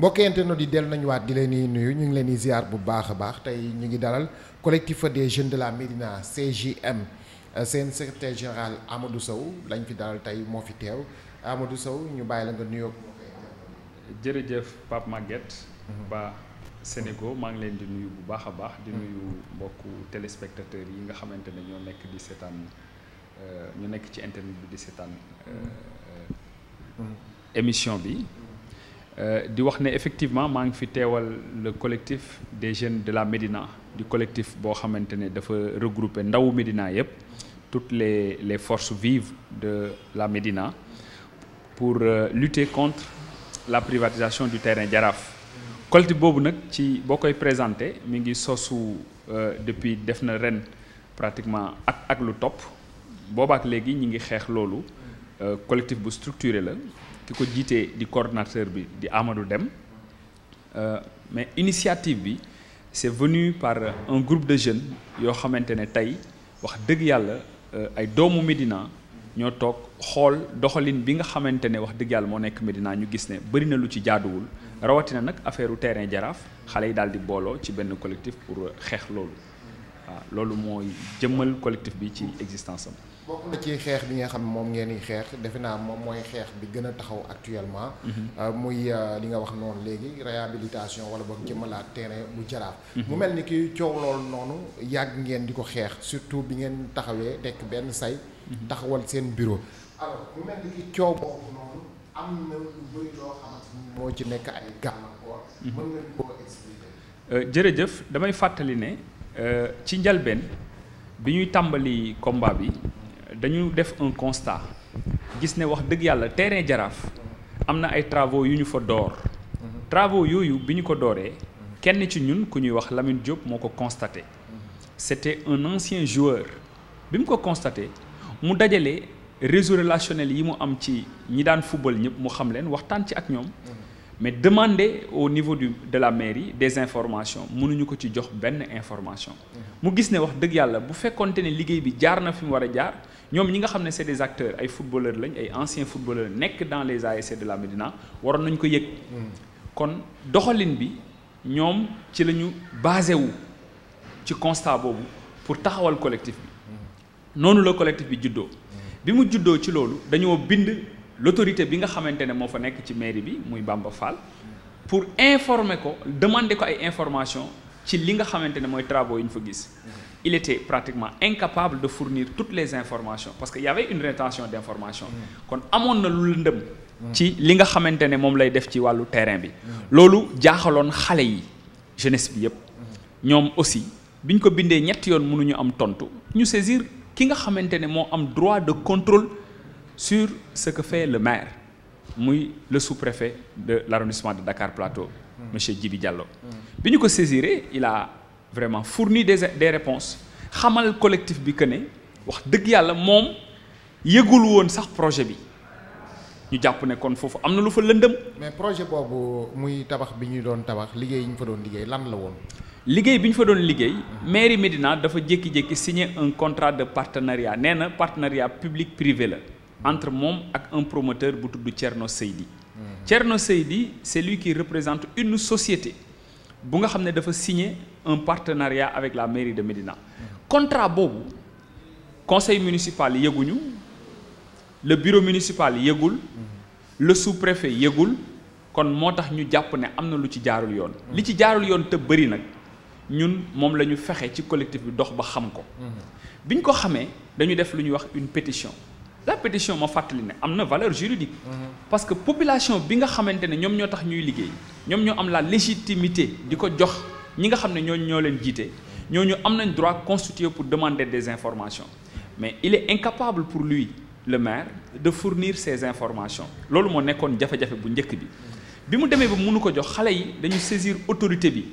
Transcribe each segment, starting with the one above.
mbokki internet yi dellu nañu waat di leen di nuyu ñu ngi leen di ziar bu baax a baax tey ñu ngi dalal collectif des jeune de la Médina CJM euh, seen secrétaire général Amadou Sow lañ fi dalal tey moo fi teew Amadou Sow ñu bàyyi la nga nuyoo. jërëjëf Pape Maguette. ba Sénégal maa ngi leen di nuyu bu baax a baax. di mm-hmm. nuyu mbokku téléspectateurs yi nga xamante ne ñoo nekk di seetaan euh, ñu nekk ci internet bi di seetaan euh, mm-hmm. émission bi. Euh, di wax ne effectivement maa ngi fi teewal le collectif des jeunes de la Médina di collectif boo xamante ne dafa regrouper ndawu Médina yëpp toutes les les force vives de la Médina pour euh, lutter contre la privatisation du terrain Jaraaf. collectif boobu nag ci boo koy présenté mi ngi sosu euh, depuis def na ren pratiquement ak ak lu topp boobaak léegi ñu ngi xeex loolu collectif bu structuré la. ki ko jiitee di coordinateur bi di Amadou Dem euh, mais initiative bi c'est venu par un groupe de jeunes yoo xamante ne tey wax dëgg yàlla euh, ay doomu Médina ñoo toog xool doxalin bi nga xamante ne wax dëgg yàlla moo nekk Médina ñu gis ne bëri na lu ci jaaduwul rawatina nag affaire terrain jaraaf xale yi daal di booloo ci benn collectif pour xeex loolu waaw loolu mooy jëmmal collectif bi ci existence am. bokk na ci xeex bi nga xam moom ngeen di xeex defe naa moom mooy xeex bi gën a taxaw actuellement. Mhm. Euh, muy euh, li nga wax noonu léegi réhabilitation wala boog jëmalaat terrain bu jaraaf. Mhm. mu mel ni ki coow loolu noonu yàgg ngeen di ko xeex surtout bi ngeen taxawee dekk benn say. Mhm. taxawal seen bureau. alors mu ci nekk ay gàllankoor. expliquer. Euh, jërëjëf damay fàttali ne ci njalbeen bi ñuy tàmbali combat bi. dañu def un constat gis ne wax dëgg yàlla terrain jaraaf am na ay travaux yu ñu fa door travaux yooyu bi ñu ko dooree kenn ci ñun ku ñuy wax Lamine Diop moo ko constaté c'était un ancien joueur bi mu ko constaté mu dajale réseau relationnel yi mu am ci ñi daan football ñëpp mu xam leen waxtaan ci ak ñoom mais demander au niveau du de la mairie des informations mënuñu ko ci jox benn information mu gis ne wax dëgg yàlla bu fekkonte ne liggéey bi jaar na fi mu war a jaar ñoom ñi nga xam ne c'est des acteurs ay footballeurs lañ ay anciens footballeurs nekk dans les ASC de la Médina waroon nañ ko yëg. Hmm. kon doxalin bi ñoom ci la ñu basé wu ci constat boobu pour taxawal collectif bi hmm. noonu la collectif bi juddoo. Hmm. bi mu juddoo ci loolu dañoo bind l'autorité bi nga xamante ne moo fa nekk ci mairie bi muy Bamba Fall pour informer ko demande ko ay informations. ci li nga xamante ne mooy travaux yi ñu fa gis il était pratiquement incapable de fournir toutes les informations parce que y avait une rétention d'information kon amoon na lu lëndëm ci li nga xamante ne moom lay def ci wàllu terrain bi loolu jaaxaloon xale yi jeunesse bi yëpp ñoom aussi biñ ko bindee ñetti yoon mënuñu am tontu ñu saisir ki nga xamante ne moo am droit de contrôle sur ce que fait le maire muy le sous-préfet de l'arrondissement de Dakar Plateau Mm. monsieur Djibi Diallo. Mm. bi ñu ko saisiré il vraiment fourni des des réponses xamal collectif bi que ne wax dëgg yàlla moom yëgul woon sax projet bi ñu jàpp ne kon foofu am na lu fa lëndëm. mais projet boobu muy tabax bi ñu doon tabax liggéey yi ñu fa doon liggéey lan la woon. liggéey bi ñu fa doon liggéey mm. mairie Médina dafa jékki-jékki signer un contrat de partenariat nee na partenariat public privé la entre moom ak un promoteur bu tudd Thierno Seydi. Thierno Seydi c'est lui qui représente une société bu nga xam ne dafa signer un partenariat avec la mairie de Médina contrat boobu conseil municipal yëguñu le bureau municipal yëgul le sous-préfet yëgul kon moo tax ñu jàpp ne am na lu ci jaarul yoon li ci jaarul yoon te bëri nag ñun moom la ñu fexe ci collectif bi dox ba xam ko mmh. biñ ko xamee dañu def lu ñuy wax une pétition la pétition ma fàttali ne am na valeur juridique. Mm-hmm. parce que population bi nga xamante ne ñoom ñoo tax ñuy liggéey ñoom ñoo am la légitimité di ko jox ñi nga xam ne ñooñu ñoo leen jiite ñooñu am nañ droit constitué pour demander des informations mais il est incapable pour lui le maire de fournir ces informations loolu moo nekkoon jafe-jafe bu njëkk bi mm-hmm. bi mu demee ba munu ko jox xale yi dañu saisir autorité bi.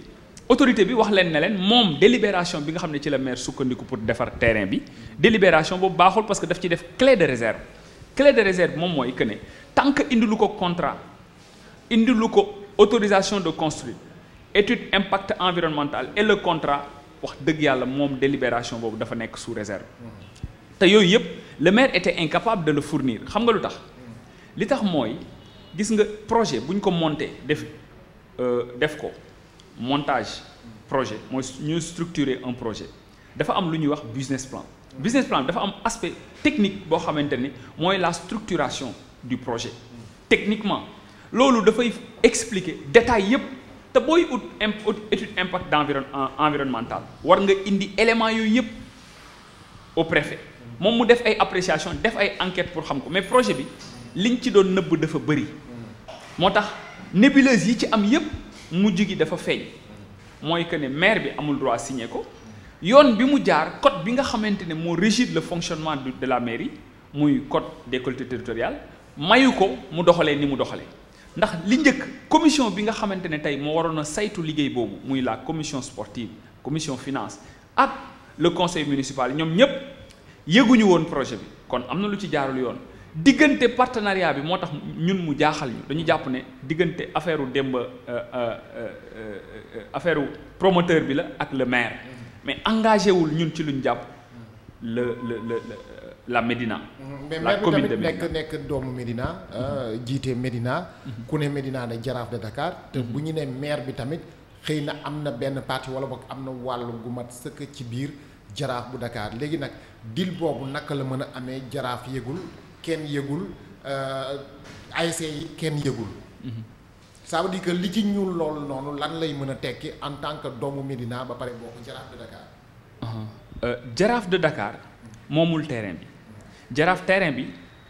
autorité bi wax leen ne leen moom délibération bi nga xam ne ci la maire sukkandiku pour defar terrain bi délibération boobu baaxul parce que daf ci def clé de réserve clé de réserve moom mooy que ne tant que indilu ko contrat indilu ko autorisation de construire étude impact environnementale et le contrat wax dëgg yàlla moom délibération boobu dafa nekk sous réserve te yooyu yëpp le maire était incapable de le fournir xam nga lu tax li tax mooy gis nga projet bu ñu ko monté def euh, def ko montage projet mooy ñuy structurer un projet dafa am lu ñuy wax business plan business plan dafa am aspect technique boo xamante ni mooy la structuration du projet techniquement loolu dafay expliquer détail yépp te booy ut étude impact d'environ environnemental war nga indi éléments yooyu yépp au préfet moom mu def ay appréciation def ay enquête pour xam ko mais projet bi liñ ci doon nëbb dafa bëri moo tax nébuleuse yi ci am yépp mujj gi dafa feeñ mooy que ne maire bi amul droit signer ko yoon bi mu jaar code bi nga xamante ne moo régit le fonctionnement de la mairie muy code des collectivités mayu ko mu doxalee ni mu doxalee ndax li njëkk commission bi nga xamante ne tey moo waroon na saytu liggéey boobu muy la commission sportive commission finance ak le conseil municipal ñoom ñëpp yëguñu woon projet bi kon am na lu ci jaarul yoon. diggante partenariat bi moo tax ñun mu jaaxal ñu dañu jàpp ne diggante affaire u Demba euh, euh, euh, affaire u promoteur bi la ak le maire mais engagé wul ñun ci luñ jàpp le le le la Médina. Mm-hmm. la commune de Médina nekk doomu Médina mm-hmm. jiite Médina. Mm-hmm. ku ne Médina de jaraaf de Dakar. te bu ñu ne maire bi tamit xëy na am na benn parti wala boog am na wàll gu mat sëkk ci biir jaraaf bu Dakar léegi nag dil boobu naka la mën a amee jaraaf yëgul. kenn yëgul euh, ASC yi kenn yëgul mhm. ça veut dire li ci ñuul loolu noonu lan lay mën a tekki en tant que doomu Médina ba pare bokk jaraaf de Dakar euh, jaraaf de Dakar moomul terrain bi jaraaf terrain bi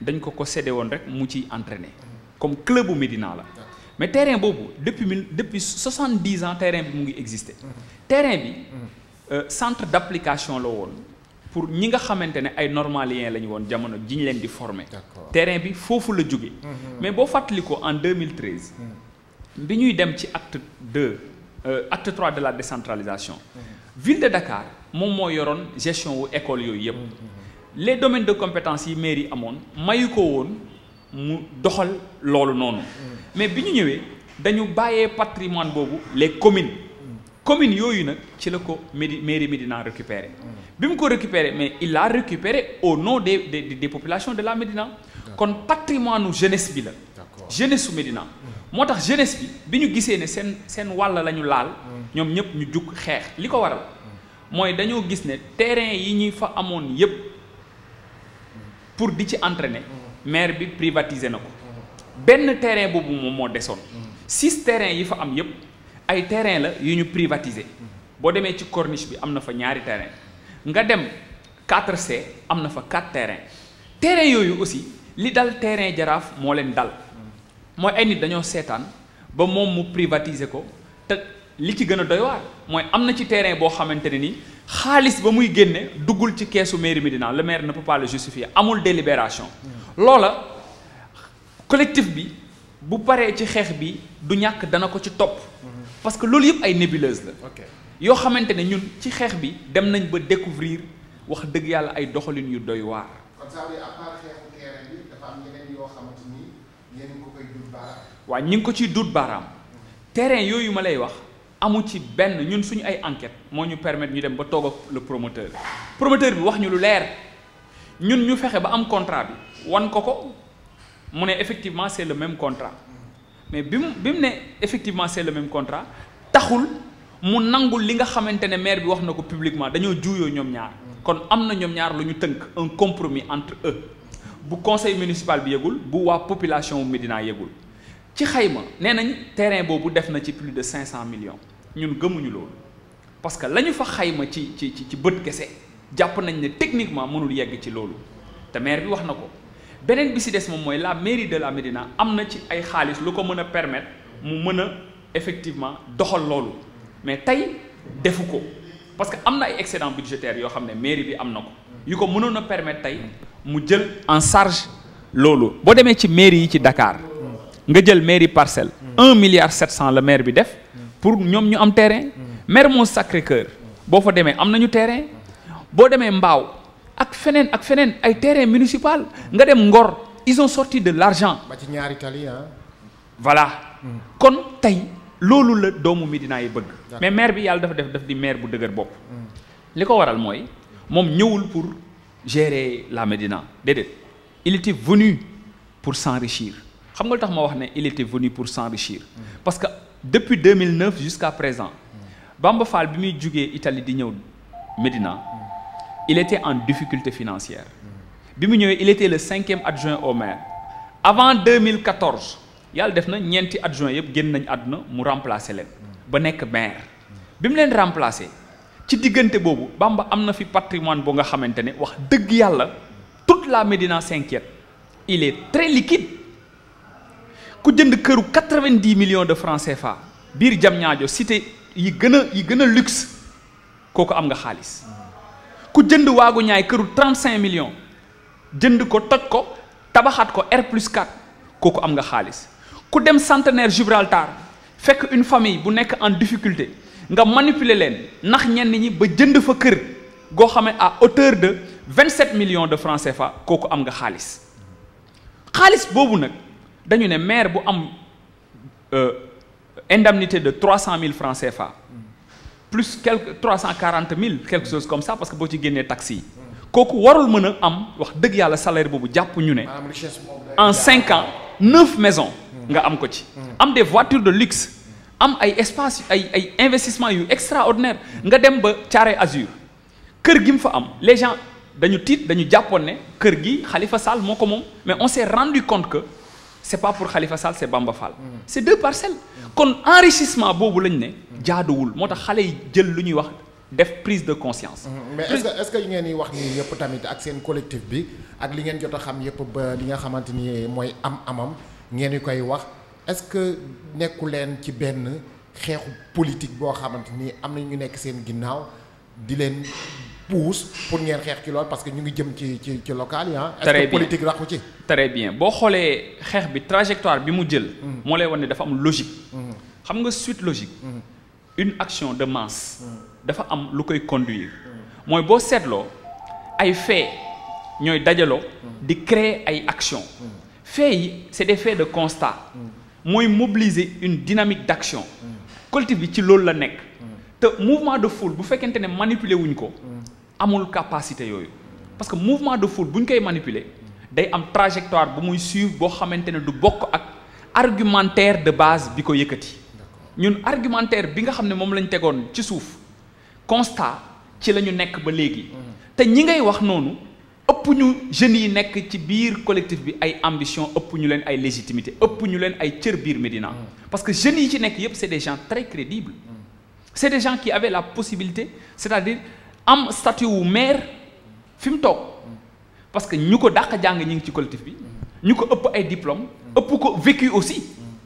dañ ko ko cédé woon rek mu ci entrene mhm. comme club bu Médina la mais terrain boobu depuis mille depuis soixante dix ans terrain bi mu ngi existé mhm. terrain bi euh, centre d' application la woon pour ñi nga xamante ne ay normalien la ñu woon jamono ji ñu leen di former terrain bi foofu la jóge mhm. mais boo fàttali ko en 2013 mhm. bi ñuy dem ci acte 2 euh, acte 3 de la décentralisation mhm. ville de Dakar moom moo yoroon gestion wu école yooyu yëpp les domaines de compétence yi mairie amoon mayu ko woon mu doxal loolu noonu mais bi ñu ñëwee dañu bàyyee patrimoine boobu les communes commune yooyu nag ci la ko Médi mairie Médina récupéré bi mu ko récupéré mais il l'a récupéré au nom des de des populations de la Médina kon nu jeunesse bi la jeunesse su Médina mm. moo tax jeunesse bi bi ñu gisee ne seen seen wàll lañu laal mm. ñoom ñëpp ñu jug xeex li ko waral mm. mooy dañoo gis ne terrain yi ñuy fa amoon yépp pour di ci ne maire bi privatiser na ko benn terrain boobu moom moo desoon six terrains yi fa am yépp ay terrain la yu ñu privatiser boo demee ci corniche bi am na fa ñaari terrain nga dem 4C am na fa 4 terrain terrain yooyu aussi li dal terrain jaraaf moo leen dal mooy ay nit dañoo seetaan ba moom mu privatiser ko te li ci gën a doy waar mooy am na ci terrain boo xamante ne ni xaalis ba muy génne duggul ci keesu mairie Médina le maire na peut pas le justifier amul délibération mm. loola collectif bi bu paree ci xeex bi du ñàkk dana ko ci topp parce que loolu yëpp ay nébuleuse la yoo xamante ne ñun ci xeex bi dem nañ ba découvrir wax dëgg yàlla ay doxalin yu doy waar waaw ñi ngi ko ciy duut baaraam terrain yooyu ma lay wax amu ci benn ñun suñu ay enquête moo ñu permettre ñu dem ba toog ak le promoteur promoteur bi wax ñu lu leer ñun ñu fexe ba am contrat bi wan ko ko mu ne effectivement c'est le même contrat mais bi mu bi mu ne effectivement c'est le même contrat taxul mu nangu li nga xamante ne maire bi wax na ko publiquement dañoo juuyoo ñoom ñaar kon am na ñoom ñaar lu ñu tënk un compromis entre eux bu conseil municipal bi yëgul bu waa population Médina yëgul ci xayma nee nañ terrain boobu def na ci plus de cinq cent million ñun gëmuñu loolu parce que la ñu fa xayma ci ci ci bët kese jàpp nañ ne techniquement mënul yegg ci loolu te maire wax na ko beneen bi si des moom mooy la mairie de la Médina am na ci ay xaalis lu ko mën a permettre mu mën a effectivement doxal loolu mais tey defu ko parce que am na ay excédent budgétaire yoo xam ne mairie bi am na ko yu ko mënoon a permettre tey mu jël en charge loolu boo demee ci mairie yi ci dakaar nga jël mairie parcelle un milliard sept cent la maire bi def pour ñoom ñu am terrain moo Sacré-Cœur boo fa demee am nañu terrain boo demee mbaaw ak feneen ak feneen ay terrain municipal nga dem Ngor ils ont sorti de l'argent ba ci ñaari tali ah. voilà hmm. kon tey loolu la doomu Médina yi bëgg mais maire bi yàlla dafa def daf di maire bu dëgër bopp hmm. li ko waral mooy moom ñëwul pour gérer la Médina déedéet il était venu pour s'enrichir xam nga lu tax ma wax ne il était venu pour s'enrichir hmm. parce que depuis 2009 jusqu'à présent Bamba Fall bi muy jógee Italie di ñëw Médina il en difficulté financière bi mu ñëwee il était le cinquième adjoint au maire avant deux mille 2014 yàlla def na ñeenti adjoint yëpp génn nañu àdduna mu remplacer leen ba nekk maire bi mu leen remplacer ci diggante boobu Bamba am na fi patrimoine boo nga xamante ne wax dëgg yàlla toute la Médina s'inquiète il est très liquide ku jënd këru 90 millions de francs CFA biir Diamniadio cité yi gën a yi gën a luxe kooku am nga xaalis ku jënd waagu ñaay këru 35 millions jënd ko toj ko tabaxaat ko R plus 4 kooku am nga xaalis ku dem centenaire Gibraltar fekk une famille bu nekk en difficulté nga manipuler leen nax ñenn ñi ba jënd fa kër goo xam ne à hauteur de 27 millions de francs fa kooku am nga xaalis xaalis boobu nag dañu ne maire bu am euh, indemnité de trois cent mille francs CFA. plus quelque trois cent quarante mille quelque chose comme ça parce que boo ci génnee taxes yi kooku warul mën a am wax dëgg yàlla salaire boobu jàpp ñu ne en cinq ans neuf maisons nga am ko ci hmm. am des voitures de luxe am ay espace ay ay investissement yu extraordinaire nga dem ba Thiaré Azur kër gi mu fa am les gens dañu tiit dañu jàppoon ne kër gi Khalifa Sall moo ko moom mais on s'est rendu compte que c'est pas pour Khalifa Sall c'est Bamba Fall. c'est deux parcelles. kon enrichissement boobu lañu ne. jaaduwul moo tax xale yi jël lu ñuy wax def prise de conscience. Mm-hmm. mais est-ce que est-ce yi ngeen di wax nii yëpp tamit ak seen collectif bi ak li ngeen jot a xam yëpp ba li nga xamante ni mooy am-amam ngeen di koy wax est-ce que nekku leen ci benn xeexu politique boo xamante ni am na ñu nekk seen ginnaaw di leen. pour ngeen xeex ci lool parce que ñu ngi jëm ci ci ci local yi ah. très bien ci. très bien boo xoolee xeex bi trajectoire bi mu jël. Mm. moo lay wan ne dafa am logique. Mm. xam nga suite logique. Mm. une action de masse. dafa am lu koy conduire. mooy boo seetloo ay faits ñooy dajaloo. di créer ay actions. faits yi c'est des faits de constat. mooy mobiliser une dynamique d'action. collectif bi ci loolu la nekk. te mouvement de foule bu fekkente ne manipuler wuñ ko. amul capacité yooyu parce que mouvement de foule bu ñu koy manipuler day am trajectoire bu muy suivre boo xamante ne du bokk ak argumentaire de base bi ko yëkkati ñun argumentaire bi nga xam ne moom lañ tegoon ci suuf constat ci la ñu nekk ba léegi mmh. te ñi ngay wax noonu ëpp ñu jeunes yi nekk ci biir collectif bi ay ambition ëpp ñu leen ay légitimité ëpp ñu leen ay cër biir Médina mmh. parce que jeunes yi ci nekk yépp c'est des gens très crédibles mmh. c'est des gens qui la possibilité c'est-à-dire am statut wu maire fi mu toog parce que ñu ko daq jàng ñi ngi ci collectif bi ñu ko ëpp ay diplôme ëpp ko vécu aussi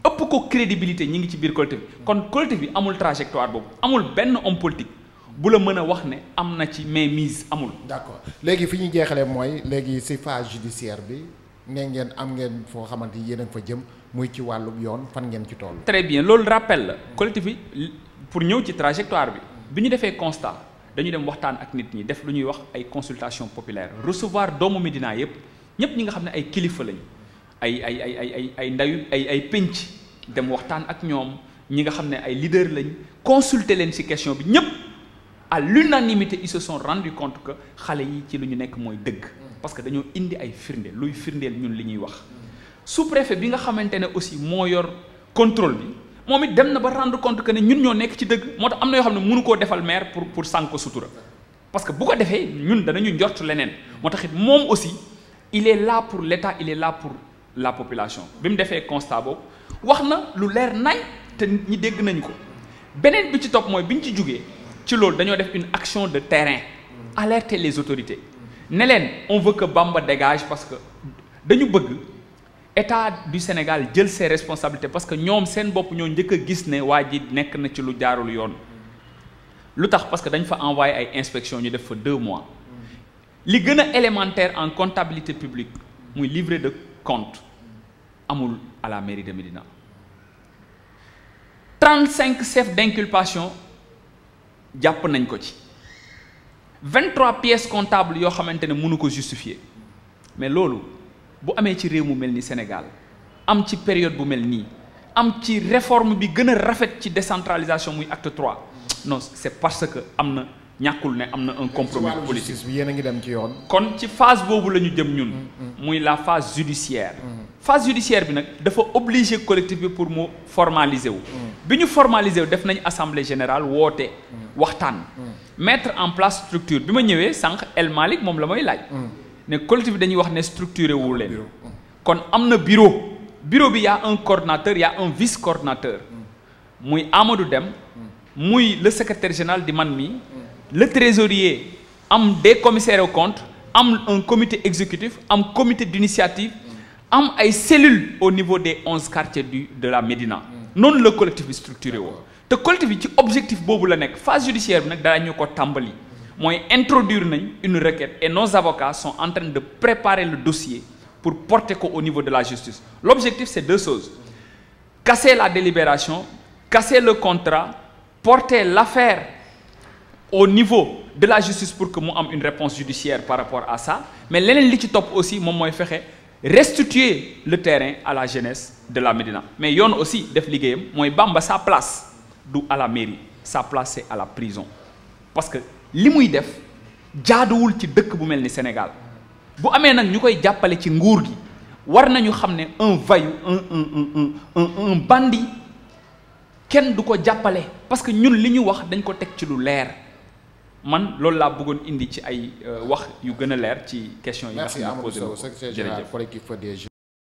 ëpp ko crédibilité ñi ngi ci biir collectif bi kon collectif bi amul trajectoire boobu amul benn homme politique bu la mën a wax ne am na ci mais mise amul. d'accord léegi fi ñu jeexalee mooy léegi ci phase judiciaire bi ne ngeen am ngeen foo xamante yéen a fa jëm muy ci wàllu yoon fan ngeen ci tool très bien loolu rappel la collectif bi pour ñëw ci trajectoire bi bi ñu defee constat. dañu dem waxtaan ak nit ñi def lu ñuy wax ay consultation populaire recevoir doomu Médina yëpp ñépp ñi nga xam ne ay kilifa lañu ay ay ay ay ay ndayu ay ay pénc dem waxtaan ak ñoom ñi nga xam ne ay leader lañ consulter leen ci question bi ñépp à l'unanimité ils se sont rendu compte que xale yi ci lu ñu nekk mooy dëgg parce que dañoo indi ay firnde luy firndeel ñun li ñuy wax su préfet bi nga xamante ne aussi moo yor contrôle bi moom it dem na ba rendre compte que ne ñun ñoo nekk ci dëgg moo tax am na yoo xam ne mënu koo defal maire pour pour sànq ko sutura parce que bu ko defee ñun danañu njort leneen moo tax it moom aussi il est là pour l'État il est là pour la population bi mu defee constat boobu wax na lu leer nañ te ñi dégg nañ ko beneen bi ci topp mooy bi ñu ci jugee ci loolu dañoo def une action de terrain alerter les autorités ne leen on veut Bamba dégage parce que dañu bëgg état du Sénégal jël ses responsabilités parce que ñoom seen bopp ñoo njëkk a gis ne waa ji nekk na ci lu jaarul yoon lu tax parce que dañ fa envoyé ay inspection ñu def fa deux mois li gën a élémentaire en comptabilité publique muy livret de compte amul à la mairie de Médina cinq chefs d'inculpation jàpp nañ ko ci 23 pièces comptables yoo xamante ne mënu ko justifier mais loolu bu amee ci réew mu mel ni Sénégal am ci période bu mel nii am ci réforme bi gën a rafet ci décentralisation muy acte trois non c'est parce que am na ñàkkul ne am na un compromis politique bi yéen a ngi dem ci yoon. kon ci phase boobu la ñu jëm ñun. Mm, mm. muy la phase judiciaire. Mm. phase judiciaire bi nag dafa obligé collective bi pour mu formaliser wu. bi ñu formaliser wu def nañ assemblée générale woote. waxtaan. mettre en place structure bi ma ñëwee sànq El Malick moom la may laaj. ne collectif dañuy wax ne structuré wu leen kon am na bureau bureau bi y a un coordonnateur y un vice coordonnateur muy Amadou Dem muy le secrétaire général di man mi le trésorier am des commissaires aux comptes am un comité exécutif am comité d'initiative am ay cellules au niveau des onze quartiers du de la Médina noonu la collectif bi structuré woo te collectif bi ci objectif boobu la nekk phase judiciaire bi nag dara ko tàmbali mooy introduire nañ une requête et nos avocats sont en train de préparer le dossier pour porter ko au niveau de la justice l'objectif c'est deux choses casser la délibération casser le contrat porter l'affaire au niveau de la justice pour que mu am une réponse judiciaire par rapport à ça mais leneen li ci topp aussi moom mooy fexe restituer le terrain à la jeunesse de la Médina mais yoon aussi def liggéeyam mooy Bamba sa place du à la mairie sa place c'est à la prison li muy def jaaduwul ci dëkk bu mel ni Sénégal bu amee nag ñu koy jàppale ci nguur gi war nañu xam ne un voyou un un un kenn du ko jàppale parce que ñun li ñu wax dañ ko teg ci lu leer man loolu laa bëggoon indi ci ay euh, wax yu gën a leer ci question yi nga xam ne posé ko jërëjëf